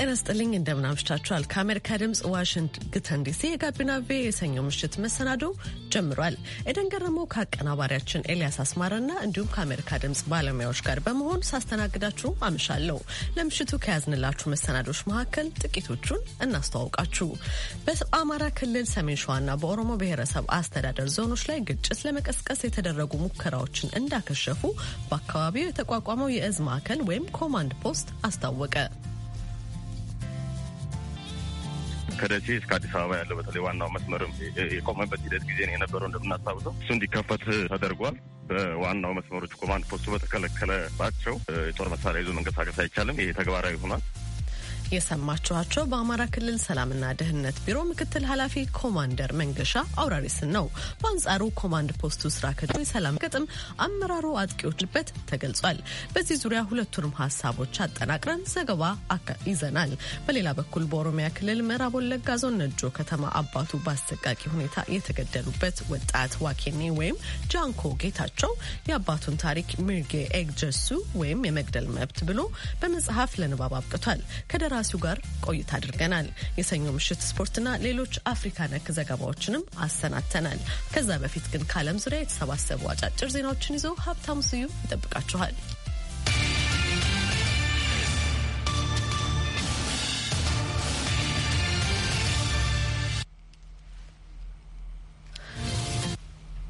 ጤና ስጥልኝ እንደምናምሽታችኋል። ከአሜሪካ ድምፅ ዋሽንግተን ዲሲ የጋቢና ቬ የሰኞ ምሽት መሰናዶ ጀምሯል። ኤደን ገረመው ከአቀናባሪያችን ኤልያስ አስማረና እንዲሁም ከአሜሪካ ድምፅ ባለሙያዎች ጋር በመሆን ሳስተናግዳችሁ አምሻለሁ። ለምሽቱ ከያዝንላችሁ መሰናዶች መካከል ጥቂቶቹን እናስተዋውቃችሁ። በአማራ ክልል ሰሜን ሸዋና በኦሮሞ ብሔረሰብ አስተዳደር ዞኖች ላይ ግጭት ለመቀስቀስ የተደረጉ ሙከራዎችን እንዳከሸፉ በአካባቢው የተቋቋመው የእዝ ማዕከል ወይም ኮማንድ ፖስት አስታወቀ። ከደሴ እስከ አዲስ አበባ ያለው በተለይ ዋናው መስመርም የቆመበት ሂደት ጊዜ የነበረው እንደምናስታውሰው እሱ እንዲከፈት ተደርጓል። በዋናው መስመሮች ኮማንድ ፖስቱ በተከለከለባቸው የጦር መሳሪያ ይዞ መንቀሳቀስ አይቻልም። ይሄ ተግባራዊ ሆኗል። የሰማችኋቸው በአማራ ክልል ሰላምና ደህንነት ቢሮ ምክትል ኃላፊ ኮማንደር መንገሻ አውራሪስን ነው። በአንጻሩ ኮማንድ ፖስቱ ስራ ከዶ የሰላም ቅጥም አመራሩ አጥቂዎችበት ተገልጿል። በዚህ ዙሪያ ሁለቱንም ሀሳቦች አጠናቅረን ዘገባ ይዘናል። በሌላ በኩል በኦሮሚያ ክልል ምዕራብ ወለጋ ዞን ነጆ ከተማ አባቱ በአሰቃቂ ሁኔታ የተገደሉበት ወጣት ዋኬኔ ወይም ጃንኮ ጌታቸው የአባቱን ታሪክ ሚርጌ ኤግጀሱ ወይም የመግደል መብት ብሎ በመጽሐፍ ለንባብ አብቅቷል። ደራሲው ጋር ቆይታ አድርገናል። የሰኞ ምሽት ስፖርትና ሌሎች አፍሪካ ነክ ዘገባዎችንም አሰናተናል። ከዛ በፊት ግን ከዓለም ዙሪያ የተሰባሰቡ አጫጭር ዜናዎችን ይዘው ሀብታሙ ስዩም ይጠብቃችኋል።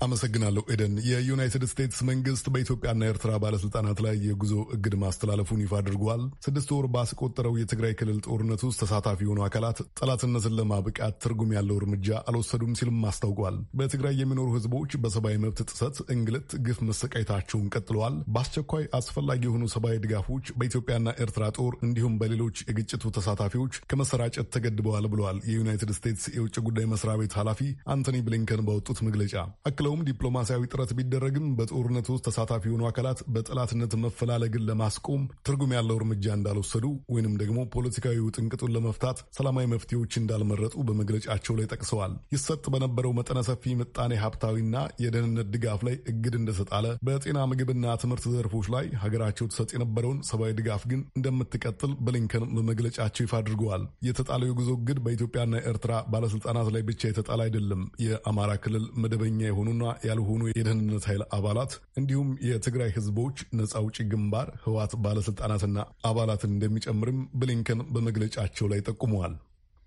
አመሰግናለሁ ኤደን። የዩናይትድ ስቴትስ መንግስት በኢትዮጵያና ኤርትራ ባለስልጣናት ላይ የጉዞ እግድ ማስተላለፉን ይፋ አድርጓል። ስድስት ወር ባስቆጠረው የትግራይ ክልል ጦርነት ውስጥ ተሳታፊ የሆኑ አካላት ጠላትነትን ለማብቃት ትርጉም ያለው እርምጃ አልወሰዱም ሲልም አስታውቋል። በትግራይ የሚኖሩ ህዝቦች በሰብአዊ መብት ጥሰት፣ እንግልት፣ ግፍ መሰቃየታቸውን ቀጥለዋል። በአስቸኳይ አስፈላጊ የሆኑ ሰብአዊ ድጋፎች በኢትዮጵያና ኤርትራ ጦር እንዲሁም በሌሎች የግጭቱ ተሳታፊዎች ከመሰራጨት ተገድበዋል ብለዋል የዩናይትድ ስቴትስ የውጭ ጉዳይ መስሪያ ቤት ኃላፊ አንቶኒ ብሊንከን ባወጡት መግለጫ አክለውም በመሆኑም ዲፕሎማሲያዊ ጥረት ቢደረግም በጦርነት ውስጥ ተሳታፊ የሆኑ አካላት በጠላትነት መፈላለግን ለማስቆም ትርጉም ያለው እርምጃ እንዳልወሰዱ ወይንም ደግሞ ፖለቲካዊ ውጥንቅጡን ለመፍታት ሰላማዊ መፍትሄዎች እንዳልመረጡ በመግለጫቸው ላይ ጠቅሰዋል። ይሰጥ በነበረው መጠነ ሰፊ ምጣኔ ሀብታዊና የደህንነት ድጋፍ ላይ እግድ እንደተጣለ፣ በጤና ምግብና ትምህርት ዘርፎች ላይ ሀገራቸው ትሰጥ የነበረውን ሰብአዊ ድጋፍ ግን እንደምትቀጥል ብሊንከን በመግለጫቸው ይፋ አድርገዋል። የተጣለው የጉዞ እግድ በኢትዮጵያና ኤርትራ ባለስልጣናት ላይ ብቻ የተጣለ አይደለም። የአማራ ክልል መደበኛ የሆኑን የሆኑና ያልሆኑ የደህንነት ኃይል አባላት እንዲሁም የትግራይ ህዝቦች ነጻ አውጪ ግንባር ህዋት ባለስልጣናትና አባላትን እንደሚጨምርም ብሊንከን በመግለጫቸው ላይ ጠቁመዋል።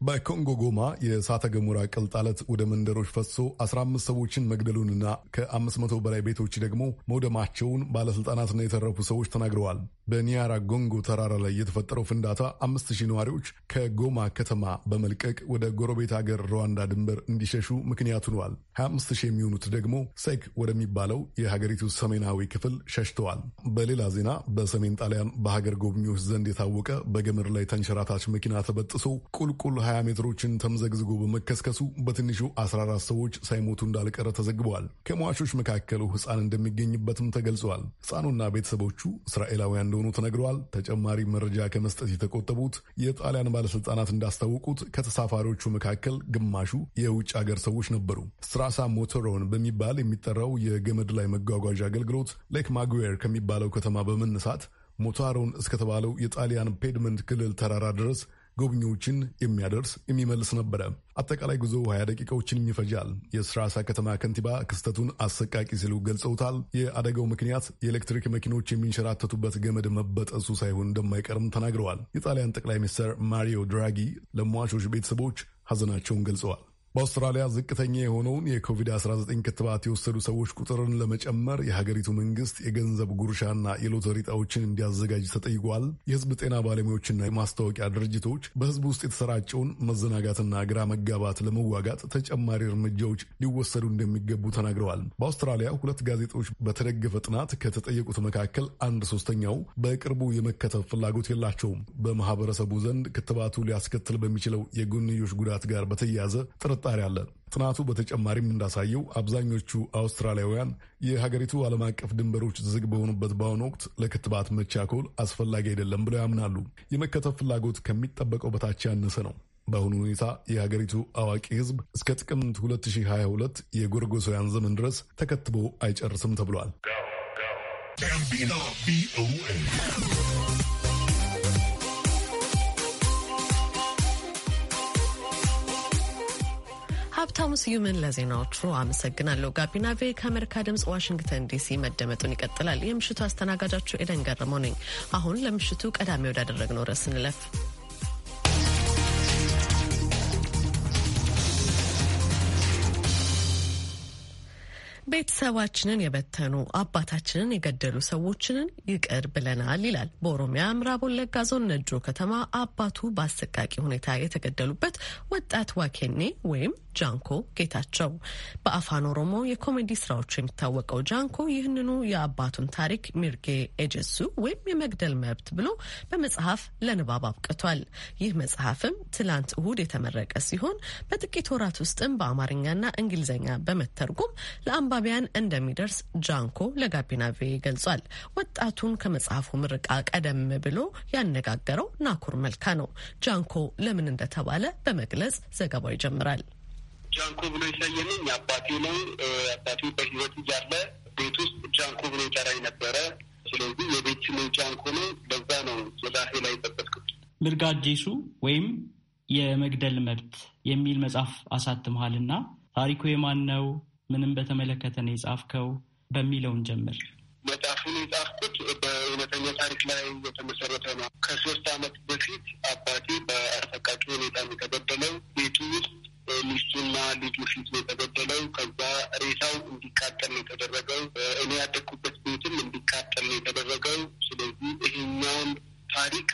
በኮንጎ ጎማ የእሳተ ገሞራ ቅልጣለት ወደ መንደሮች ፈሶ 15 ሰዎችን መግደሉንና ከ500 በላይ ቤቶች ደግሞ መውደማቸውን ባለሥልጣናትና የተረፉ ሰዎች ተናግረዋል። በኒያራ ጎንጎ ተራራ ላይ የተፈጠረው ፍንዳታ 5000 ነዋሪዎች ከጎማ ከተማ በመልቀቅ ወደ ጎረቤት አገር ሩዋንዳ ድንበር እንዲሸሹ ምክንያት ሆኗል። 25000 የሚሆኑት ደግሞ ሴክ ወደሚባለው የሀገሪቱ ሰሜናዊ ክፍል ሸሽተዋል። በሌላ ዜና በሰሜን ጣሊያን በሀገር ጎብኚዎች ዘንድ የታወቀ በገመድ ላይ ተንሸራታች መኪና ተበጥሶ ቁልቁል 20 ሜትሮችን ተምዘግዝጎ በመከስከሱ በትንሹ 14 ሰዎች ሳይሞቱ እንዳልቀረ ተዘግበዋል። ከሟቾች መካከሉ ሕፃን እንደሚገኝበትም ተገልጿል። ሕፃኑና ቤተሰቦቹ እስራኤላውያን እንደሆኑ ተነግረዋል። ተጨማሪ መረጃ ከመስጠት የተቆጠቡት የጣሊያን ባለስልጣናት እንዳስታወቁት ከተሳፋሪዎቹ መካከል ግማሹ የውጭ አገር ሰዎች ነበሩ። ስትራሳ ሞተሮን በሚባል የሚጠራው የገመድ ላይ መጓጓዣ አገልግሎት ሌክ ማጉዌር ከሚባለው ከተማ በመነሳት ሞታሮን እስከተባለው የጣሊያን ፔድመንት ክልል ተራራ ድረስ ጎብኚዎችን የሚያደርስ የሚመልስ ነበረ። አጠቃላይ ጉዞ ሀያ ደቂቃዎችን ይፈጃል። የስራሳ ከተማ ከንቲባ ክስተቱን አሰቃቂ ሲሉ ገልጸውታል። የአደጋው ምክንያት የኤሌክትሪክ መኪኖች የሚንሸራተቱበት ገመድ መበጠሱ ሳይሆን እንደማይቀርም ተናግረዋል። የጣሊያን ጠቅላይ ሚኒስትር ማሪዮ ድራጊ ለሟቾች ቤተሰቦች ሀዘናቸውን ገልጸዋል። በአውስትራሊያ ዝቅተኛ የሆነውን የኮቪድ-19 ክትባት የወሰዱ ሰዎች ቁጥርን ለመጨመር የሀገሪቱ መንግስት የገንዘብ ጉርሻና የሎተሪ ዕጣዎችን እንዲያዘጋጅ ተጠይቋል። የህዝብ ጤና ባለሙያዎችና የማስታወቂያ ድርጅቶች በህዝብ ውስጥ የተሰራጨውን መዘናጋትና ግራ መጋባት ለመዋጋት ተጨማሪ እርምጃዎች ሊወሰዱ እንደሚገቡ ተናግረዋል። በአውስትራሊያ ሁለት ጋዜጦች በተደገፈ ጥናት ከተጠየቁት መካከል አንድ ሶስተኛው በቅርቡ የመከተብ ፍላጎት የላቸውም። በማህበረሰቡ ዘንድ ክትባቱ ሊያስከትል በሚችለው የጎንዮሽ ጉዳት ጋር በተያያዘ ጥረት ጥርጣሬ አለ። ጥናቱ በተጨማሪም እንዳሳየው አብዛኞቹ አውስትራሊያውያን የሀገሪቱ ዓለም አቀፍ ድንበሮች ዝግ በሆኑበት በአሁኑ ወቅት ለክትባት መቻኮል አስፈላጊ አይደለም ብለው ያምናሉ። የመከተብ ፍላጎት ከሚጠበቀው በታች ያነሰ ነው። በአሁኑ ሁኔታ የሀገሪቱ አዋቂ ሕዝብ እስከ ጥቅምት 2022 የጎርጎሳውያን ዘመን ድረስ ተከትቦ አይጨርስም ተብሏል። ሀብታሙ ስዩምን ለዜናዎቹ አመሰግናለሁ። ጋቢና ቬ ከአሜሪካ ድምፅ ዋሽንግተን ዲሲ መደመጡን ይቀጥላል። የምሽቱ አስተናጋጃችሁ ኤደን ገረመው ነኝ። አሁን ለምሽቱ ቀዳሚ ወዳደረግነው ርዕስ እንለፍ። ቤተሰባችንን የበተኑ አባታችንን የገደሉ ሰዎችንን ይቅር ብለናል ይላል በኦሮሚያ ምዕራብ ወለጋ ዞን ነጆ ከተማ አባቱ በአሰቃቂ ሁኔታ የተገደሉበት ወጣት ዋኬኔ ወይም ጃንኮ ጌታቸው። በአፋን ኦሮሞ የኮሜዲ ስራዎቹ የሚታወቀው ጃንኮ ይህንኑ የአባቱን ታሪክ ሚርጌ ኤጀሱ ወይም የመግደል መብት ብሎ በመጽሐፍ ለንባብ አብቅቷል። ይህ መጽሐፍም ትላንት እሁድ የተመረቀ ሲሆን በጥቂት ወራት ውስጥም በአማርኛና እንግሊዝኛ በመተርጎም ለአንባ ጣቢያን እንደሚደርስ ጃንኮ ለጋቢና ቬ ገልጿል። ወጣቱን ከመጽሐፉ ምርቃ ቀደም ብሎ ያነጋገረው ናኩር መልካ ነው። ጃንኮ ለምን እንደተባለ በመግለጽ ዘገባው ይጀምራል። ጃንኮ ብሎ የሰየመኝ አባቴ ነው። አባቴ በህይወት እያለ ቤት ውስጥ ጃንኮ ብሎ ይጠራኝ ነበረ። ስለዚህ የቤት ስሜ ጃንኮ ነው። በዛ ነው መጽሐፌ ላይ ጠበስኩት። ምርጋ አዲሱ ወይም የመግደል መብት የሚል መጽሐፍ አሳትመሃል እና ታሪኩ የማን ነው? ምንም በተመለከተ ነው የጻፍከው በሚለውን ጀምር። መጽሐፉን የጻፍኩት በእውነተኛ ታሪክ ላይ የተመሰረተ ነው። ከሶስት ዓመት በፊት አባቴ በአሰቃቂ ሁኔታ የተገደለው ቤቱ ውስጥ ሚስቱና ልጁ ፊት ነው የተገደለው። ከዛ ሬሳው እንዲቃጠል ነው የተደረገው። እኔ ያደግኩበት ቤትም እንዲቃጠል ነው የተደረገው። ስለዚህ ይሄኛውን ታሪክ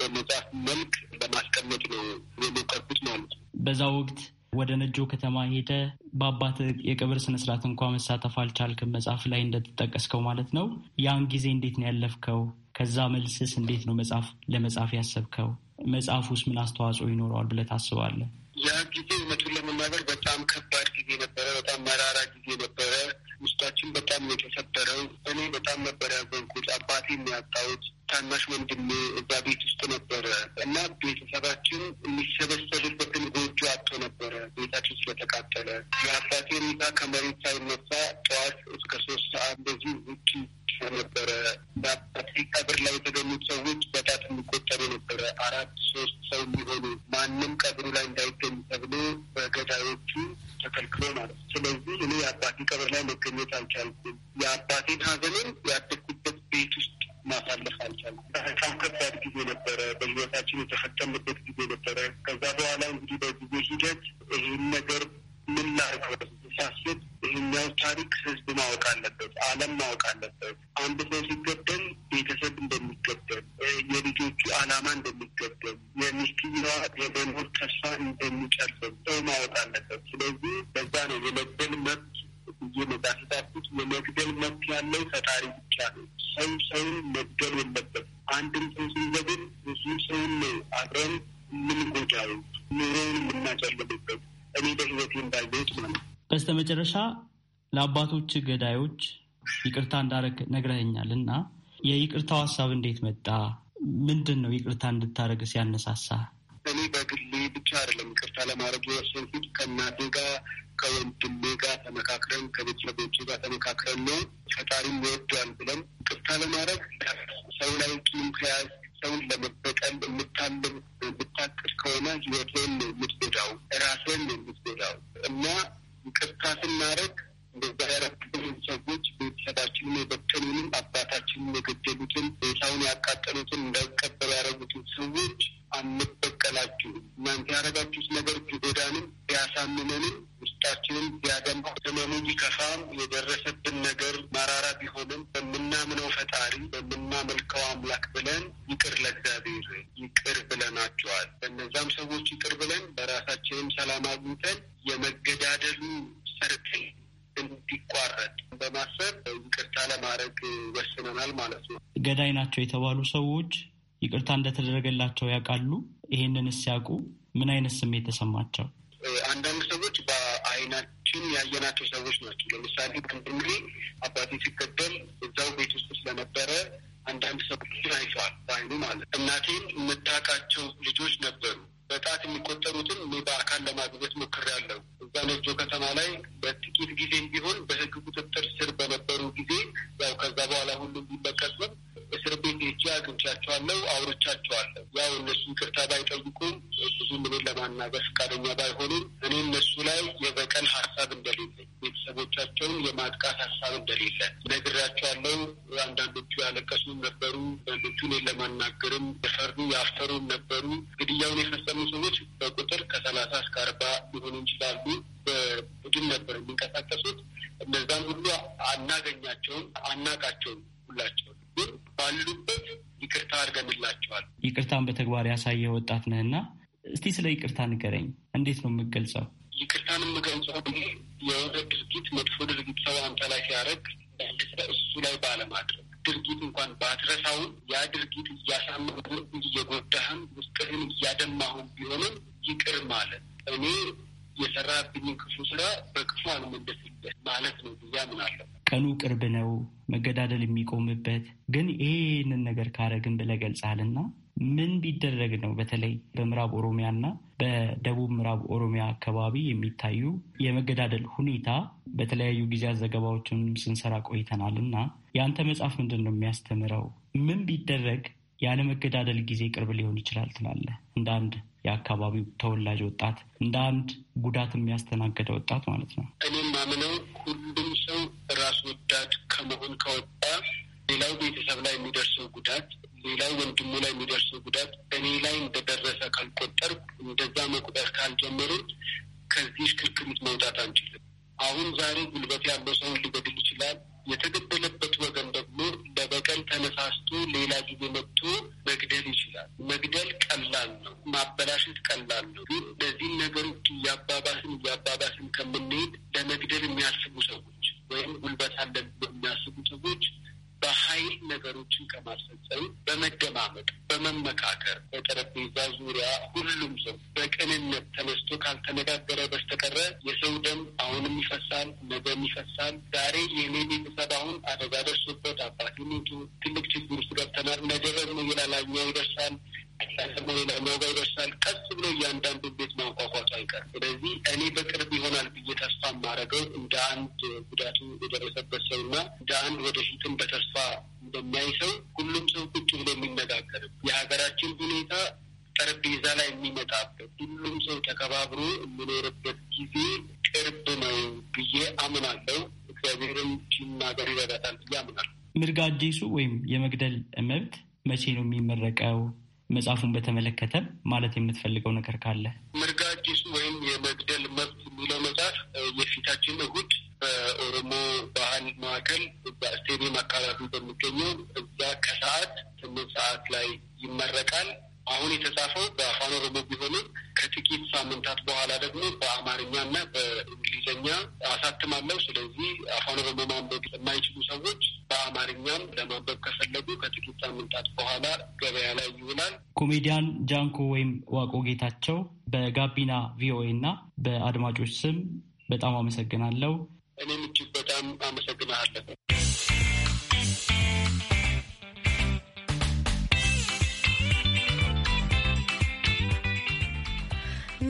በመጽሐፍ መልክ ለማስቀመጥ ነው የሞከርኩት ማለት ነው። በዛ ወቅት ወደ ነጆ ከተማ ሄደ በአባት የቅብር ስነስርዓት እንኳ መሳተፍ አልቻልክም፣ መጽሐፍ ላይ እንደተጠቀስከው ማለት ነው። ያን ጊዜ እንዴት ነው ያለፍከው? ከዛ መልስስ እንዴት ነው መጽሐፍ ለመጽሐፍ ያሰብከው? መጽሐፍ ውስጥ ምን አስተዋጽኦ ይኖረዋል ብለህ ታስባለህ? ያ ጊዜ እውነቱን ለመናገር በጣም ከባድ ጊዜ ነበረ። በጣም መራራ ጊዜ ነበረ። ውስጣችን በጣም የተሰበረው እኔ በጣም ነበር ያዘንኩት። አባቴ የሚያጣሁት ታናሽ ወንድሜ እዛ ቤት ውስጥ ነበረ እና ቤተሰባችን የሚሰበሰብበት ተሰበረ፣ ቤታችን ስለተቃጠለ የአባቴ ሁኔታ ከመሬት ሳይነሳ ጠዋት እስከ ሶስት ሰዓት በዚህ ውጭ ነበረ። በአባቴ ቀብር ላይ የተገኙት ሰዎች በጣት የሚቆጠሩ ነበረ። አራት ሶስት ሰው የሚሆኑ ማንም ቀብሩ ላይ እንዳይገኝ ተብሎ በገዳዮቹ ተከልክሎ ማለት። ስለዚህ እኔ የአባቴ ቀብር ላይ መገኘት አልቻልኩም። የአባቴን ሀዘንን ህዝብ ማወቅ አለበት፣ ዓለም ማወቅ አለበት። አንድ ሰው ሲገደል ቤተሰብ እንደሚገደል፣ የልጆቹ ዓላማ እንደሚገደል፣ የሚስትየዋ የመኖር ተስፋ እንደሚጨልም ሰው ማወቅ አለበት። ስለዚህ በዛ ነው የመግደል መብት ብዬ መጽሐፍ የመግደል መብት ያለው ፈጣሪ ብቻ ነው። ሰው ሰውን መግደል የለበት። አንድም ሰው ስንገድል ብዙ ሰውን ነው አብረን የምንጎዳው፣ ኑሮውን የምናጨልምበት። እኔ በህይወቴ እንዳየሁት ማለት በስተ መጨረሻ ለአባቶች ገዳዮች ይቅርታ እንዳረግ ነግረኸኛል እና የይቅርታው ሀሳብ እንዴት መጣ? ምንድን ነው ይቅርታ እንድታደረግ ሲያነሳሳ? እኔ በግሌ ብቻ አይደለም ይቅርታ ለማድረግ የወሰንኩት ከእናቴ ጋር ከወንድሜ ጋር ተመካክረን ከቤተሰቦች ጋር ተመካክረን ነው። ፈጣሪም ይወዷል ብለን ይቅርታ ለማድረግ ሰው ላይ ቂም ከያዝ ሰውን ለመበቀል የምታልም የምታቅድ ከሆነ ህይወትን ነው የምትጎዳው፣ ራስን ነው የተባሉ ሰዎች ይቅርታ እንደተደረገላቸው ያውቃሉ? ይሄንን ሲያውቁ ምን አይነት ስሜት ተሰማቸው? አንዳንድ ሰዎች በአይናችን ያየናቸው ሰዎች ናቸው። ለምሳሌ ወንድሜ አባቴ ሲገደል እዛው ቤት ውስጥ ስለነበረ አንዳንድ ሰዎች አይተዋል፣ በአይኑ ማለት እናቴን የምታውቃቸው ልጆች ነበሩ በጣት የሚቆ ወጣት ነህ እና እስቲ ስለ ይቅርታ ንገረኝ። እንዴት ነው የምገልጸው? ይቅርታን የምገልጸው የሆነ ድርጊት መጥፎ ድርጊት ሰው አንተ ላይ ሲያደርግ እሱ ላይ ባለማድረግ ድርጊት እንኳን ባትረሳውን ያ ድርጊት እያሳመመህም እየጎዳህም ውስጥህን እያደማሁም ቢሆንም ይቅር ማለት እኔ የሰራብኝን ክፉ ስራ በክፉ አልመለስበት ማለት ነው ብዬ አምናለሁ። ቀኑ ቅርብ ነው መገዳደል የሚቆምበት ግን ይሄንን ነገር ካረግን ብለህ ገልጸሃል እና ምን ቢደረግ ነው በተለይ በምዕራብ ኦሮሚያ እና በደቡብ ምዕራብ ኦሮሚያ አካባቢ የሚታዩ የመገዳደል ሁኔታ በተለያዩ ጊዜያት ዘገባዎችን ስንሰራ ቆይተናል እና የአንተ መጽሐፍ ምንድን ነው የሚያስተምረው? ምን ቢደረግ ያለመገዳደል ጊዜ ቅርብ ሊሆን ይችላል ትላለህ? እንደ አንድ የአካባቢው ተወላጅ ወጣት፣ እንደ አንድ ጉዳት የሚያስተናገደ ወጣት ማለት ነው። እኔም ማምነው ሁሉም ሰው ራስ ወዳድ ከመሆን ከወጣ ሌላው ቤተሰብ ላይ የሚደርሰው ጉዳት፣ ሌላው ወንድሙ ላይ የሚደርሰው ጉዳት እኔ ላይ እንደደረሰ ካልቆጠር እንደዛ መቁጠር ካልጀመሩት ከዚህ ክርክሪት መውጣት አንችልም። አሁን ዛሬ ጉልበት ያለው ሰው በሚሆንበት ጊዜ ቅርብ ነው ብዬ አምናለሁ። እግዚአብሔርም ሲናገር ይረዳታል ብዬ አምናለሁ። ምርጋ እጄሱ ወይም የመግደል መብት መቼ ነው የሚመረቀው? መጽሐፉን በተመለከተ ማለት የምትፈልገው ነገር ካለ ምርጋ እጄሱ ወይም የመግደል መብት የሚለው መጽሐፍ የፊታችን እሁድ በኦሮሞ ባህል ማዕከል በስቴዲየም አካባቢ በሚገኘው እዛ ከሰዓት ስምንት ሰዓት ላይ ይመረቃል። አሁን የተጻፈው በአፋን ኦሮሞ ቢሆንም ከጥቂት ሳምንታት በኋላ ደግሞ በአማርኛና በእንግሊዝኛ አሳትማለሁ። ስለዚህ አፋን ኦሮሞ ማንበብ የማይችሉ ሰዎች በአማርኛም ለማንበብ ከፈለጉ ከጥቂት ሳምንታት በኋላ ገበያ ላይ ይውላል። ኮሜዲያን ጃንኮ ወይም ዋቆ ጌታቸው በጋቢና ቪኦኤ እና በአድማጮች ስም በጣም አመሰግናለሁ። እኔም እጅግ በጣም አመሰግናለሁ።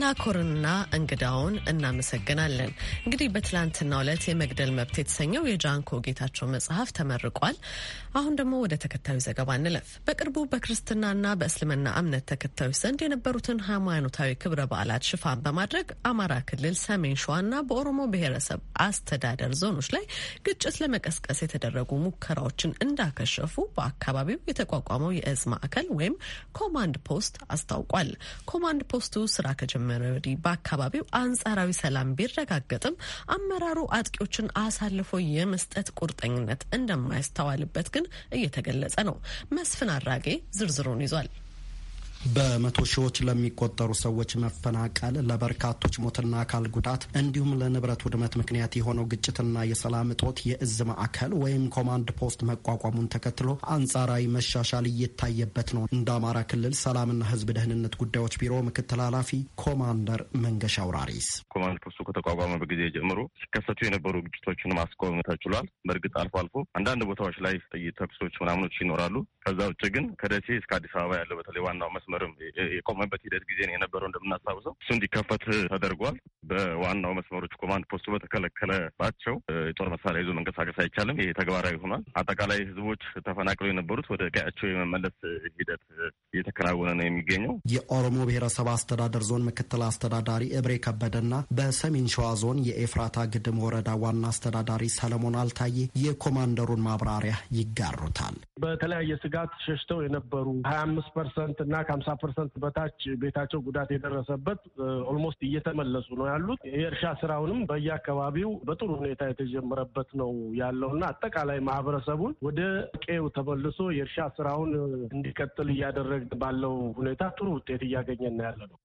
ናኮርና እንግዳውን እናመሰግናለን። እንግዲህ በትላንትናው ዕለት የመግደል መብት የተሰኘው የጃንኮ ጌታቸው መጽሐፍ ተመርቋል። አሁን ደግሞ ወደ ተከታዩ ዘገባ እንለፍ። በቅርቡ በክርስትናና በእስልምና እምነት ተከታዮች ዘንድ የነበሩትን ሃይማኖታዊ ክብረ በዓላት ሽፋን በማድረግ አማራ ክልል ሰሜን ሸዋና በኦሮሞ ብሔረሰብ አስተዳደር ዞኖች ላይ ግጭት ለመቀስቀስ የተደረጉ ሙከራዎችን እንዳከሸፉ በአካባቢው የተቋቋመው የእዝ ማዕከል ወይም ኮማንድ ፖስት አስታውቋል። ኮማንድ ፖስቱ ስራ ከጀመ መረዲ በአካባቢው አንጻራዊ ሰላም ቢረጋገጥም አመራሩ አጥቂዎችን አሳልፎ የመስጠት ቁርጠኝነት እንደማያስተዋልበት ግን እየተገለጸ ነው። መስፍን አራጌ ዝርዝሩን ይዟል። በመቶ ሺዎች ለሚቆጠሩ ሰዎች መፈናቀል፣ ለበርካቶች ሞትና አካል ጉዳት እንዲሁም ለንብረት ውድመት ምክንያት የሆነው ግጭትና የሰላም እጦት የእዝ ማዕከል ወይም ኮማንድ ፖስት መቋቋሙን ተከትሎ አንጻራዊ መሻሻል እየታየበት ነው። እንደ አማራ ክልል ሰላምና ሕዝብ ደህንነት ጉዳዮች ቢሮ ምክትል ኃላፊ ኮማንደር መንገሻ አውራሪስ ኮማንድ ፖስቱ ከተቋቋመ በጊዜ ጀምሮ ሲከሰቱ የነበሩ ግጭቶችን ማስቆም ተችሏል። በእርግጥ አልፎ አልፎ አንዳንድ ቦታዎች ላይ ተኩሶች ምናምኖች ይኖራሉ። ከዛ ውጭ ግን ከደሴ እስከ አዲስ አበባ ያለው በተለይ ዋናው መስ መስመርም የቆመበት ሂደት ጊዜ የነበረው እንደምናስታውሰው እሱ እንዲከፈት ተደርጓል። በዋናው መስመሮች ኮማንድ ፖስቱ በተከለከለባቸው የጦር መሳሪያ ይዞ መንቀሳቀስ አይቻልም። ይሄ ተግባራዊ ሆኗል። አጠቃላይ ህዝቦች ተፈናቅለው የነበሩት ወደ ቀያቸው የመመለስ ሂደት እየተከናወነ ነው የሚገኘው። የኦሮሞ ብሔረሰብ አስተዳደር ዞን ምክትል አስተዳዳሪ እብሬ ከበደና በሰሜን ሸዋ ዞን የኤፍራታ ግድም ወረዳ ዋና አስተዳዳሪ ሰለሞን አልታዬ የኮማንደሩን ማብራሪያ ይጋሩታል። በተለያየ ስጋት ሸሽተው የነበሩ ሀያ አምስት ፐርሰንት እና ከሀምሳ ፐርሰንት በታች ቤታቸው ጉዳት የደረሰበት ኦልሞስት እየተመለሱ ነው ያሉት። የእርሻ ስራውንም በየአካባቢው በጥሩ ሁኔታ የተጀመረበት ነው ያለው እና አጠቃላይ ማህበረሰቡን ወደ ቄው ተመልሶ የእርሻ ስራውን እንዲቀጥል እያደረግ ባለው ሁኔታ ጥሩ ውጤት እያገኘ ያለ ነው።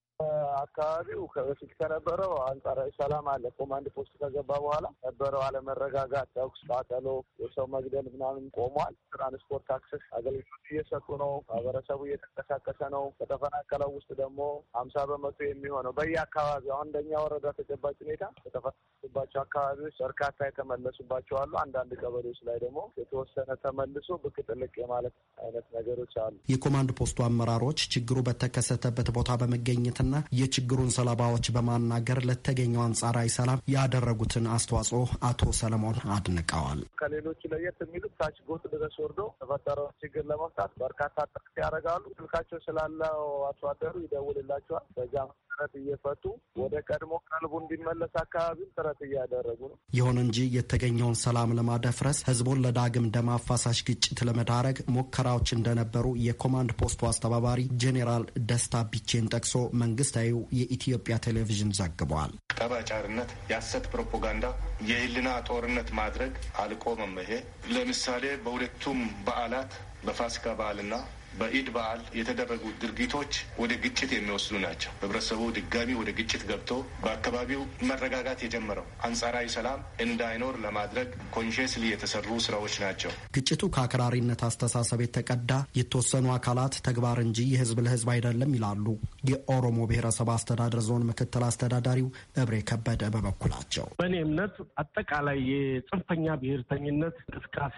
አካባቢው ከበፊት ከነበረው አንጻራዊ ሰላም አለ። ኮማንድ ፖስት ከገባ በኋላ ነበረው አለመረጋጋት፣ ተኩስ፣ ቃጠሎ፣ የሰው መግደል ምናምን ቆሟል። ትራንስፖርት አክሰስ አገልግሎት እየሰጡ ነው። ማህበረሰቡ እየተንቀሳቀሰ ነው። ከተፈናቀለው ውስጥ ደግሞ ሀምሳ በመቶ የሚሆነው በየአካባቢው አሁን እንደኛ ወረዳ ተጨባጭ ሁኔታ ከተፈናቀሉባቸው አካባቢዎች በርካታ የተመለሱባቸው አሉ። አንዳንድ ቀበሌዎች ላይ ደግሞ የተወሰነ ተመልሶ ብቅ ጥልቅ የማለት አይነት ነገሮች አሉ። የኮማንድ ፖስቱ አመራሮች ችግሩ በተከሰተበት ቦታ በመገኘት በማብራራትና የችግሩን ሰለባዎች በማናገር ለተገኘው አንጻራዊ ሰላም ያደረጉትን አስተዋጽኦ አቶ ሰለሞን አድንቀዋል። ከሌሎቹ ለየት የሚሉት ታች ጎጥ ድረስ ወርዶ ተፈጠረው ችግር ለመፍታት በርካታ ጥቅት ያደርጋሉ። ስልካቸው ስላለው አቶ አደሩ ይደውልላቸዋል። በዛ ጥረት እየፈቱ ወደ ቀድሞ ቀልቡ እንዲመለስ አካባቢም ጥረት እያደረጉ ነው። ይሁን እንጂ የተገኘውን ሰላም ለማደፍረስ ህዝቡን ለዳግም ደም አፋሳሽ ግጭት ለመዳረግ ሙከራዎች እንደነበሩ የኮማንድ ፖስቱ አስተባባሪ ጄኔራል ደስታ ቢቼን ጠቅሶ መንግስታዊው የኢትዮጵያ ቴሌቪዥን ዘግቧል። ጠባጫርነት የሐሰት ፕሮፓጋንዳ፣ የህልና ጦርነት ማድረግ አልቆመም። ይሄ ለምሳሌ በሁለቱም በዓላት በፋሲካ በዓልና በኢድ በዓል የተደረጉ ድርጊቶች ወደ ግጭት የሚወስዱ ናቸው። ህብረተሰቡ ድጋሚ ወደ ግጭት ገብቶ በአካባቢው መረጋጋት የጀመረው አንጻራዊ ሰላም እንዳይኖር ለማድረግ ኮንሽስሊ የተሰሩ ስራዎች ናቸው። ግጭቱ ከአክራሪነት አስተሳሰብ የተቀዳ የተወሰኑ አካላት ተግባር እንጂ የህዝብ ለህዝብ አይደለም ይላሉ የኦሮሞ ብሔረሰብ አስተዳደር ዞን ምክትል አስተዳዳሪው እብሬ ከበደ በበኩላቸው በእኔ እምነት አጠቃላይ የጽንፈኛ ብሔርተኝነት እንቅስቃሴ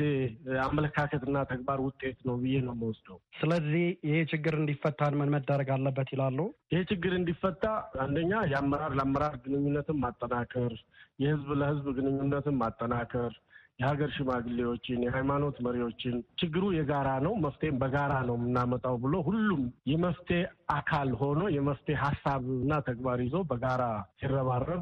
አመለካከትና ተግባር ውጤት ነው ብዬ ነው የምወስደው። ስለዚህ ይሄ ችግር እንዲፈታ ምን መደረግ አለበት ይላሉ? ይሄ ችግር እንዲፈታ አንደኛ የአመራር ለአመራር ግንኙነትን ማጠናከር፣ የህዝብ ለህዝብ ግንኙነትን ማጠናከር፣ የሀገር ሽማግሌዎችን፣ የሃይማኖት መሪዎችን ችግሩ የጋራ ነው፣ መፍትሄም በጋራ ነው የምናመጣው ብሎ ሁሉም የመፍትሄ አካል ሆኖ የመፍትሄ ሀሳብ እና ተግባር ይዞ በጋራ ሲረባረብ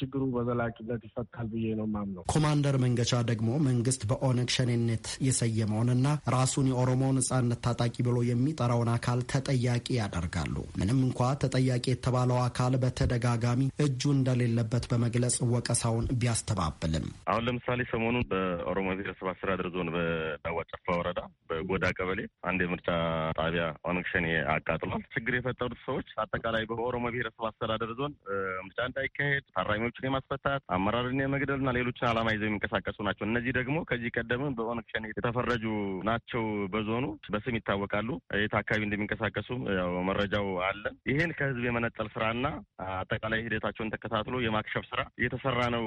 ችግሩ በዘላቂነት ይፈታል ብዬ ነው ማምነው። ኮማንደር መንገቻ ደግሞ መንግስት በኦነግ ሸኔነት የሰየመውንና ራሱን የኦሮሞ ነጻነት ታጣቂ ብሎ የሚጠራውን አካል ተጠያቂ ያደርጋሉ። ምንም እንኳ ተጠያቂ የተባለው አካል በተደጋጋሚ እጁ እንደሌለበት በመግለጽ ወቀሳውን ቢያስተባብልም አሁን ለምሳሌ ሰሞኑን በኦሮሞ ብሔረሰብ አስተዳደር ዞን በዳዋ ጨፋ ወረዳ በጎዳ ቀበሌ አንድ የምርጫ ጣቢያ ኦነግ ሸኔ አቃጥሏል። ችግር የፈጠሩት ሰዎች አጠቃላይ በኦሮሞ ብሔረሰብ አስተዳደር ዞን ምርጫ እንዳይካሄድ ታራሚዎችን የማስፈታት አመራርን የመግደልና ሌሎችን ዓላማ ይዘው የሚንቀሳቀሱ ናቸው። እነዚህ ደግሞ ከዚህ ቀደምም በኦነግ ሸኔ የተፈረጁ ናቸው። በዞኑ በስም ይታወቃሉ። የት አካባቢ እንደሚንቀሳቀሱ ያው መረጃው አለን። ይህን ከህዝብ የመነጠል ስራና አጠቃላይ ሂደታቸውን ተከታትሎ የማክሸፍ ስራ እየተሰራ ነው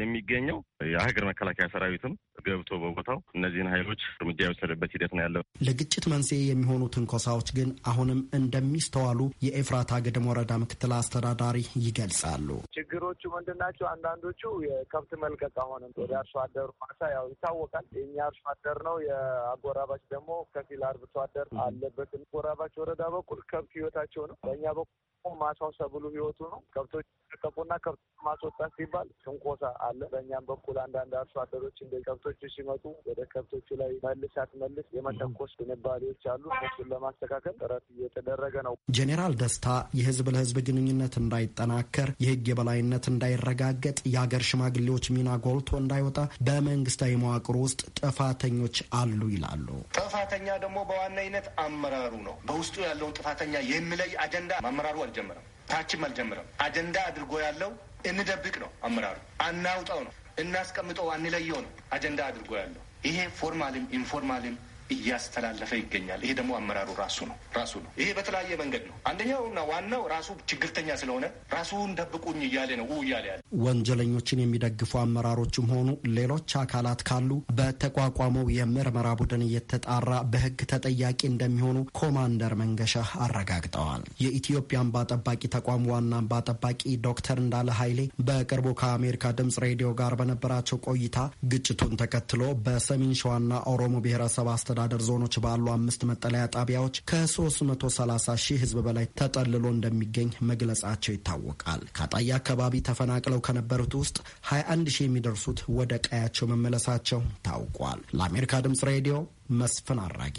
የሚገኘው የሀገር መከላከያ ሰራዊትም ገብቶ በቦታው እነዚህን ኃይሎች እርምጃ የወሰደበት ሂደት ነው ያለው። ለግጭት መንስኤ የሚሆኑ ትንኮሳዎች ግን አሁንም እንደሚስተዋሉ የኤፍራታ ገደም ወረዳ ምክትል አስተዳዳሪ ይገልጻሉ። ችግሮቹ ምንድናቸው አንዳንዶቹ የከብት መልቀቅ አሁንም ወደ አርሶ አደሩ ማሳ ያው ይታወቃል። የእኛ አርሶ አደር ነው፣ የአጎራባች ደግሞ ከፊል አርብቶ አደር አለበት። አጎራባች ወረዳ በኩል ከብት ህይወታቸው ነው፣ በእኛ በኩል ማሳው ሰብሉ ህይወቱ ነው። ከብቶች ቀቁና ከብት ማስወጣት ሲባል ትንኮሳ አለ። በእኛም በኩል አንዳንድ አርሶ አደሮ ከብቶች እንደ ከብቶቹ ሲመጡ ወደ ከብቶቹ ላይ መልስ አትመልስ የመተኮስ ዝንባሌዎች አሉ። እሱን ለማስተካከል ጥረት እየተደረገ ነው። ጄኔራል ደስታ የህዝብ ለህዝብ ግንኙነት እንዳይጠናከር፣ የህግ የበላይነት እንዳይረጋገጥ፣ የአገር ሽማግሌዎች ሚና ጎልቶ እንዳይወጣ በመንግስታዊ መዋቅር ውስጥ ጥፋተኞች አሉ ይላሉ። ጥፋተኛ ደግሞ በዋነኝነት አመራሩ ነው። በውስጡ ያለውን ጥፋተኛ የሚለይ አጀንዳ አመራሩ አልጀመረም፣ ታችም አልጀመረም። አጀንዳ አድርጎ ያለው እንደብቅ ነው፣ አመራሩ አናውጣው ነው እናስቀምጠው አንለየው ነው አጀንዳ አድርጎ ያለው ይሄ ፎርማልም ኢንፎርማልም እያስተላለፈ ይገኛል። ይሄ ደግሞ አመራሩ ራሱ ነው ራሱ ነው። ይሄ በተለያየ መንገድ ነው። አንደኛውና ዋናው ራሱ ችግርተኛ ስለሆነ ራሱን ደብቁኝ እያለ ነው እያለ ያለ ወንጀለኞችን የሚደግፉ አመራሮችም ሆኑ ሌሎች አካላት ካሉ በተቋቋመው የምርመራ ቡድን እየተጣራ በህግ ተጠያቂ እንደሚሆኑ ኮማንደር መንገሻ አረጋግጠዋል። የኢትዮጵያ አምባ ጠባቂ ተቋም ዋና አምባ ጠባቂ ዶክተር እንዳለ ኃይሌ በቅርቡ ከአሜሪካ ድምጽ ሬዲዮ ጋር በነበራቸው ቆይታ ግጭቱን ተከትሎ በሰሜን ሸዋና ኦሮሞ ብሔረሰብ አስተዳ አስተዳደር ዞኖች ባሉ አምስት መጠለያ ጣቢያዎች ከ330 ሺህ ህዝብ በላይ ተጠልሎ እንደሚገኝ መግለጻቸው ይታወቃል። ከአጣያ አካባቢ ተፈናቅለው ከነበሩት ውስጥ 21 ሺህ የሚደርሱት ወደ ቀያቸው መመለሳቸው ታውቋል። ለአሜሪካ ድምጽ ሬዲዮ መስፍን አራጌ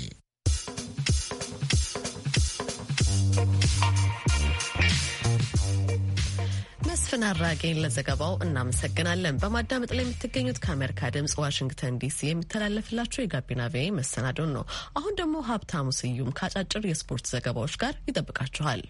መስፍን አራጌን ለዘገባው እናመሰግናለን። በማዳመጥ ላይ የምትገኙት ከአሜሪካ ድምጽ ዋሽንግተን ዲሲ የሚተላለፍላቸው የጋቢና ቪ መሰናዶን ነው። አሁን ደግሞ ሀብታሙ ስዩም ከአጫጭር የስፖርት ዘገባዎች ጋር ይጠብቃችኋል።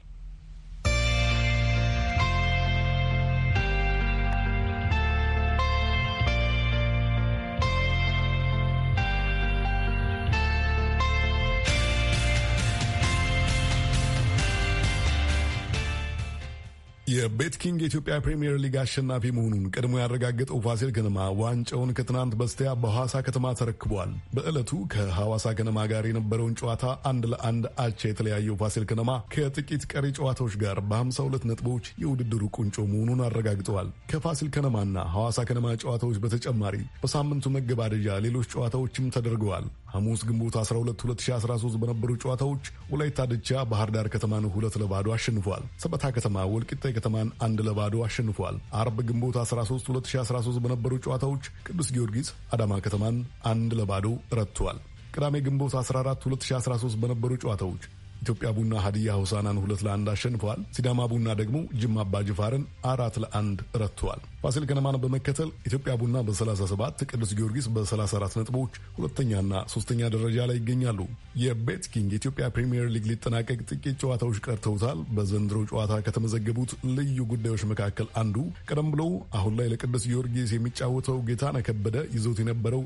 የቤት ኪንግ የኢትዮጵያ ፕሪምየር ሊግ አሸናፊ መሆኑን ቀድሞ ያረጋገጠው ፋሲል ከነማ ዋንጫውን ከትናንት በስቲያ በሐዋሳ ከተማ ተረክቧል። በዕለቱ ከሐዋሳ ከነማ ጋር የነበረውን ጨዋታ አንድ ለአንድ አቻ የተለያየው ፋሲል ከነማ ከጥቂት ቀሪ ጨዋታዎች ጋር በ52 ነጥቦች የውድድሩ ቁንጮ መሆኑን አረጋግጠዋል። ከፋሲል ከነማና ሐዋሳ ከነማ ጨዋታዎች በተጨማሪ በሳምንቱ መገባደጃ ሌሎች ጨዋታዎችም ተደርገዋል። ሐሙስ ግንቦት 12 2013 በነበሩ ጨዋታዎች ወላይታ ድቻ ባህር ዳር ከተማን ሁለት ለባዶ አሸንፏል። ሰበታ ከተማ ወልቂጤ ከተማ ከተማን አንድ ለባዶ አሸንፏል። አርብ ግንቦት 13 2013 በነበሩ ጨዋታዎች ቅዱስ ጊዮርጊስ አዳማ ከተማን አንድ ለባዶ ረትቷል። ቅዳሜ ግንቦት 14 2013 በነበሩ ጨዋታዎች ኢትዮጵያ ቡና ሀዲያ ሆሳናን ሁለት ለአንድ አሸንፏል። ሲዳማ ቡና ደግሞ ጅማ አባ ጅፋርን አራት ለአንድ ረትቷል። ፋሲል ከነማን በመከተል ኢትዮጵያ ቡና በ37 ቅዱስ ጊዮርጊስ በ34 ነጥቦች ሁለተኛና ሶስተኛ ደረጃ ላይ ይገኛሉ። የቤት ኪንግ የኢትዮጵያ ፕሪምየር ሊግ ሊጠናቀቅ ጥቂት ጨዋታዎች ቀርተውታል። በዘንድሮ ጨዋታ ከተመዘገቡት ልዩ ጉዳዮች መካከል አንዱ ቀደም ብለው አሁን ላይ ለቅዱስ ጊዮርጊስ የሚጫወተው ጌታነህ ከበደ ይዞት የነበረው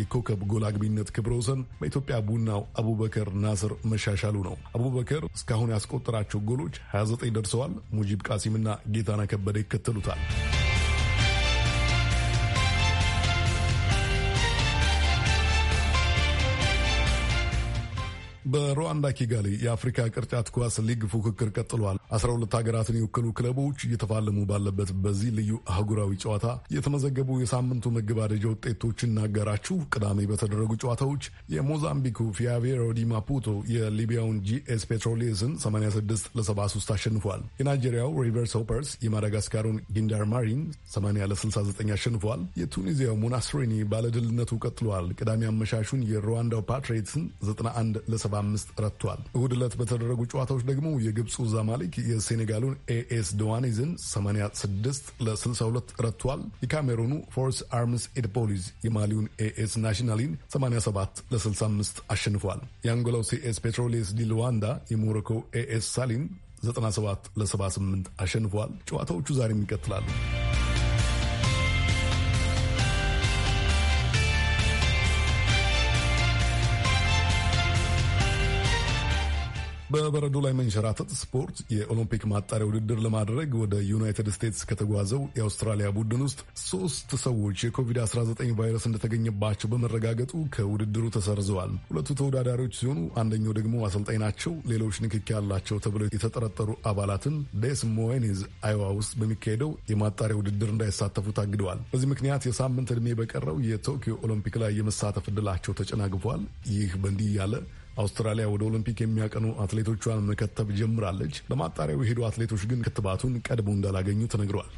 የኮከብ ጎል አግቢነት ክብረ ወሰን በኢትዮጵያ ቡናው አቡበከር ናስር መሻሻሉ ነው። አቡበከር እስካሁን ያስቆጠራቸው ጎሎች 29 ደርሰዋል። ሙጂብ ቃሲምና ጌታነህ ከበደ ይከተሉታል። በሩዋንዳ ኪጋሊ የአፍሪካ ቅርጫት ኳስ ሊግ ፉክክር ቀጥሏል። አስራ ሁለት ሀገራትን የወከሉ ክለቦች እየተፋለሙ ባለበት በዚህ ልዩ አህጉራዊ ጨዋታ የተመዘገቡ የሳምንቱ መገባደጃ ውጤቶችን ናገራችሁ። ቅዳሜ በተደረጉ ጨዋታዎች የሞዛምቢኩ ፊያቬሮ ዲ ማፑቶ የሊቢያውን ጂኤስ ፔትሮሌስን 86 ለ73 አሸንፏል። የናይጄሪያው ሪቨርስ ሆፐርስ የማዳጋስካሩን ጊንዳር ማሪን 80 ለ69 አሸንፏል። የቱኒዚያው ሞናስሬኒ ባለድልነቱ ቀጥሏል። ቅዳሜ አመሻሹን የሩዋንዳው ፓትሬትስን 91 ለ7 አምስት ረቷል። እሁድ ዕለት በተደረጉ ጨዋታዎች ደግሞ የግብፁ ዛማሊክ የሴኔጋሉን ኤኤስ ደዋኒዝን 86 ለ62 ረቷል። የካሜሩኑ ፎርስ አርምስ ኤድፖሊዝ የማሊውን ኤኤስ ናሽናሊን 87 ለ65 አሸንፏል። የአንጎላው ሲኤስ ፔትሮሌስ ዲ ሉዋንዳ የሞሮኮ ኤኤስ ሳሊን 97 ለ78 አሸንፏል። ጨዋታዎቹ ዛሬም ይቀጥላሉ። በበረዶ ላይ መንሸራተት ስፖርት የኦሎምፒክ ማጣሪያ ውድድር ለማድረግ ወደ ዩናይትድ ስቴትስ ከተጓዘው የአውስትራሊያ ቡድን ውስጥ ሶስት ሰዎች የኮቪድ-19 ቫይረስ እንደተገኘባቸው በመረጋገጡ ከውድድሩ ተሰርዘዋል። ሁለቱ ተወዳዳሪዎች ሲሆኑ አንደኛው ደግሞ አሰልጣኝ ናቸው። ሌሎች ንክኪ ያላቸው ተብለው የተጠረጠሩ አባላትን ዴስ ሞይኒዝ አይዋ ውስጥ በሚካሄደው የማጣሪያ ውድድር እንዳይሳተፉ ታግደዋል። በዚህ ምክንያት የሳምንት ዕድሜ በቀረው የቶኪዮ ኦሎምፒክ ላይ የመሳተፍ ዕድላቸው ተጨናግፏል። ይህ በእንዲህ እያለ አውስትራሊያ ወደ ኦሎምፒክ የሚያቀኑ አትሌቶቿን መከተብ ጀምራለች። ለማጣሪያው የሄዱ አትሌቶች ግን ክትባቱን ቀድሞ እንዳላገኙ ተነግረዋል።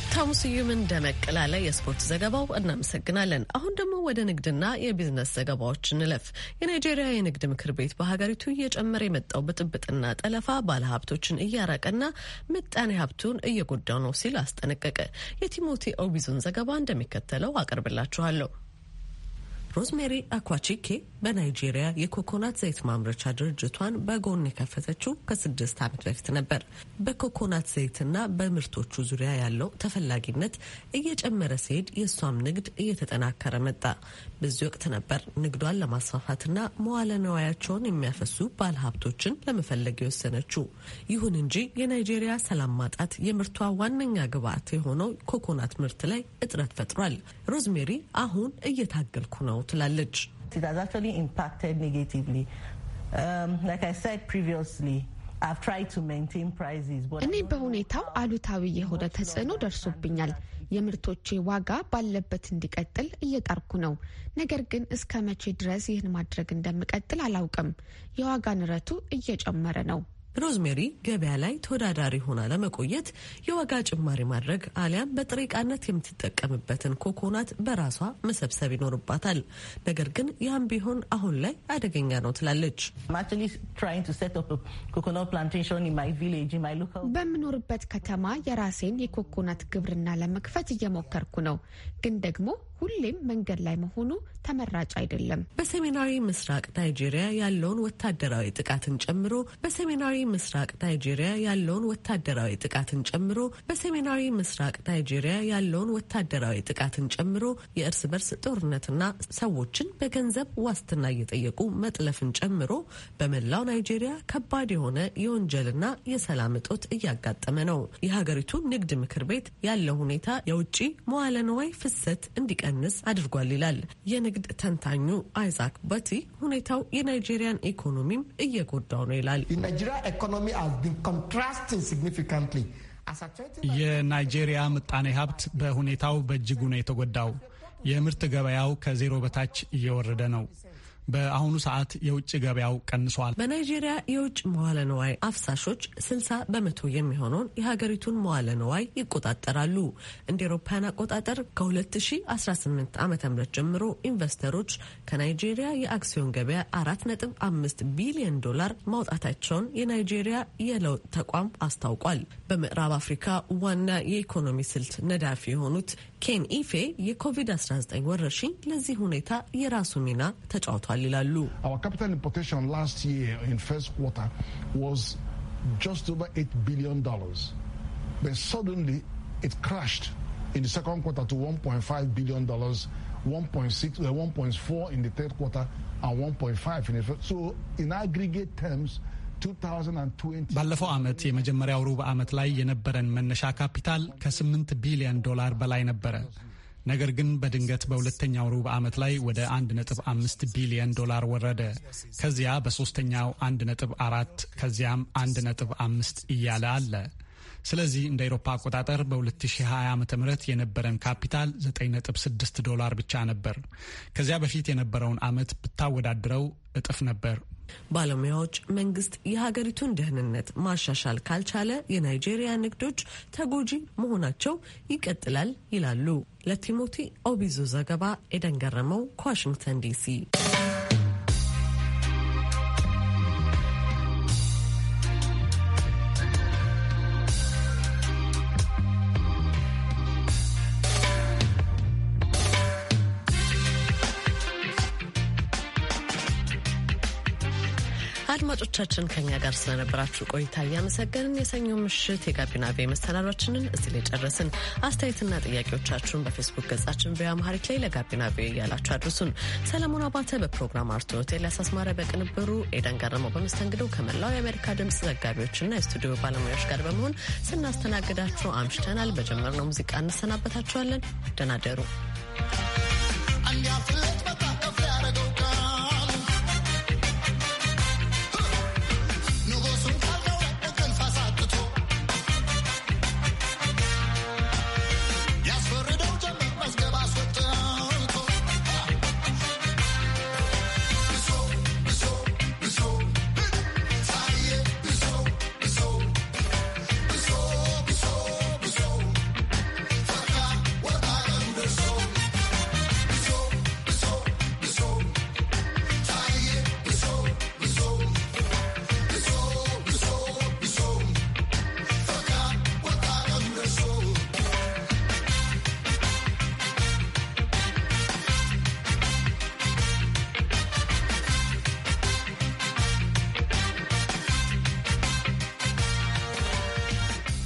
ሀብታሙ ስዩምን ደመቅ ላለ የስፖርት ዘገባው እናመሰግናለን። አሁን ደግሞ ወደ ንግድና የቢዝነስ ዘገባዎች እንለፍ። የናይጄሪያ የንግድ ምክር ቤት በሀገሪቱ እየጨመረ የመጣው ብጥብጥና ጠለፋ ባለሀብቶችን እያራቀና ምጣኔ ሀብቱን እየጎዳው ነው ሲል አስጠነቀቀ። የቲሞቲ ኦቢዙን ዘገባ እንደሚከተለው አቀርብላችኋለሁ። ሮዝሜሪ አኳቺኬ በናይጄሪያ የኮኮናት ዘይት ማምረቻ ድርጅቷን በጎን የከፈተችው ከስድስት ዓመት በፊት ነበር። በኮኮናት ዘይትና በምርቶቹ ዙሪያ ያለው ተፈላጊነት እየጨመረ ሲሄድ የእሷም ንግድ እየተጠናከረ መጣ። በዚህ ወቅት ነበር ንግዷን ለማስፋፋትና መዋለ ነዋያቸውን የሚያፈሱ ባለሀብቶችን ለመፈለግ የወሰነችው። ይሁን እንጂ የናይጄሪያ ሰላም ማጣት የምርቷ ዋነኛ ግብዓት የሆነው ኮኮናት ምርት ላይ እጥረት ፈጥሯል። ሮዝሜሪ አሁን እየታገልኩ ነው ነው ትላለች። um, እኔ በሁኔታው አሉታዊ የሆነ ተጽዕኖ ደርሶብኛል። የምርቶቼ ዋጋ ባለበት እንዲቀጥል እየጣርኩ ነው። ነገር ግን እስከ መቼ ድረስ ይህን ማድረግ እንደምቀጥል አላውቅም። የዋጋ ንረቱ እየጨመረ ነው። ሮዝሜሪ ገበያ ላይ ተወዳዳሪ ሆና ለመቆየት የዋጋ ጭማሪ ማድረግ አሊያም በጥሬ ዕቃነት የምትጠቀምበትን ኮኮናት በራሷ መሰብሰብ ይኖርባታል። ነገር ግን ያም ቢሆን አሁን ላይ አደገኛ ነው ትላለች። በምኖርበት ከተማ የራሴን የኮኮናት ግብርና ለመክፈት እየሞከርኩ ነው፣ ግን ደግሞ ሁሌም መንገድ ላይ መሆኑ ተመራጭ አይደለም። በሰሜናዊ ምስራቅ ናይጄሪያ ያለውን ወታደራዊ ጥቃትን ጨምሮ በሰሜናዊ ምስራቅ ናይጄሪያ ያለውን ወታደራዊ ጥቃትን ጨምሮ በሰሜናዊ ምስራቅ ናይጄሪያ ያለውን ወታደራዊ ጥቃትን ጨምሮ የእርስ በርስ ጦርነትና ሰዎችን በገንዘብ ዋስትና እየጠየቁ መጥለፍን ጨምሮ በመላው ናይጄሪያ ከባድ የሆነ የወንጀልና የሰላም እጦት እያጋጠመ ነው። የሀገሪቱ ንግድ ምክር ቤት ያለው ሁኔታ የውጭ መዋለ ንዋይ ፍሰት እንዲቀ እንዲቀንስ አድርጓል ይላል የንግድ ተንታኙ አይዛክ በቲ። ሁኔታው የናይጄሪያን ኢኮኖሚም እየጎዳው ነው ይላል። የናይጄሪያ ምጣኔ ሀብት በሁኔታው በእጅጉ ነው የተጎዳው። የምርት ገበያው ከዜሮ በታች እየወረደ ነው። በአሁኑ ሰዓት የውጭ ገበያው ቀንሷል። በናይጄሪያ የውጭ መዋለ ነዋይ አፍሳሾች 60 በመቶ የሚሆነውን የሀገሪቱን መዋለ ነዋይ ይቆጣጠራሉ። እንደ ኤሮፓያን አቆጣጠር ከ2018 ዓ ም ጀምሮ ኢንቨስተሮች ከናይጄሪያ የአክሲዮን ገበያ 4.5 ቢሊዮን ዶላር ማውጣታቸውን የናይጄሪያ የለውጥ ተቋም አስታውቋል። በምዕራብ አፍሪካ ዋና የኢኮኖሚ ስልት ነዳፊ የሆኑት ኬን ኢፌ የኮቪድ-19 ወረርሽኝ ለዚህ ሁኔታ የራሱ ሚና ተጫውቷል Our capital importation last year in first quarter was just over 8 billion dollars. But suddenly it crashed in the second quarter to 1.5 billion dollars, 1.6 uh, 1.4 in the third quarter and 1.5 in the first. So in aggregate terms ባለፈው ዓመት የመጀመሪያው ሩብ ዓመት ላይ የነበረን መነሻ ካፒታል ከ8 ቢሊዮን ዶላር በላይ ነበረ። ነገር ግን በድንገት በሁለተኛው ሩብ ዓመት ላይ ወደ 1.5 ቢሊዮን ዶላር ወረደ። ከዚያ በሶስተኛው 1.4 ከዚያም 1.5 እያለ አለ። ስለዚህ እንደ አውሮፓ አቆጣጠር በ2020 ዓ ም የነበረን ካፒታል 9.6 ዶላር ብቻ ነበር። ከዚያ በፊት የነበረውን ዓመት ብታወዳድረው እጥፍ ነበር ባለሙያዎች መንግስት የሀገሪቱን ደህንነት ማሻሻል ካልቻለ የናይጄሪያ ንግዶች ተጎጂ መሆናቸው ይቀጥላል ይላሉ። ለቲሞቲ ኦቢዞ ዘገባ ኤደን ገረመው ከዋሽንግተን ዲሲ አድማጮቻችን ከኛ ጋር ስለነበራችሁ ቆይታ እያመሰገንን የሰኞ ምሽት የጋቢና ቤ መሰናዷችንን እዚህ ላይ ጨረስን። አስተያየትና ጥያቄዎቻችሁን በፌስቡክ ገጻችን ቪኦኤ አማሪክ ላይ ለጋቢና ቤ እያላችሁ አድርሱን። ሰለሞን አባተ በፕሮግራም አርቶ ሆቴል ያሳስማረ በቅንብሩ፣ ኤደን ገረመው በመስተንግዶ ከመላው የአሜሪካ ድምፅ ዘጋቢዎችና የስቱዲዮ ባለሙያዎች ጋር በመሆን ስናስተናግዳችሁ አምሽተናል። በጀመርነው ሙዚቃ እንሰናበታችኋለን። ደናደሩ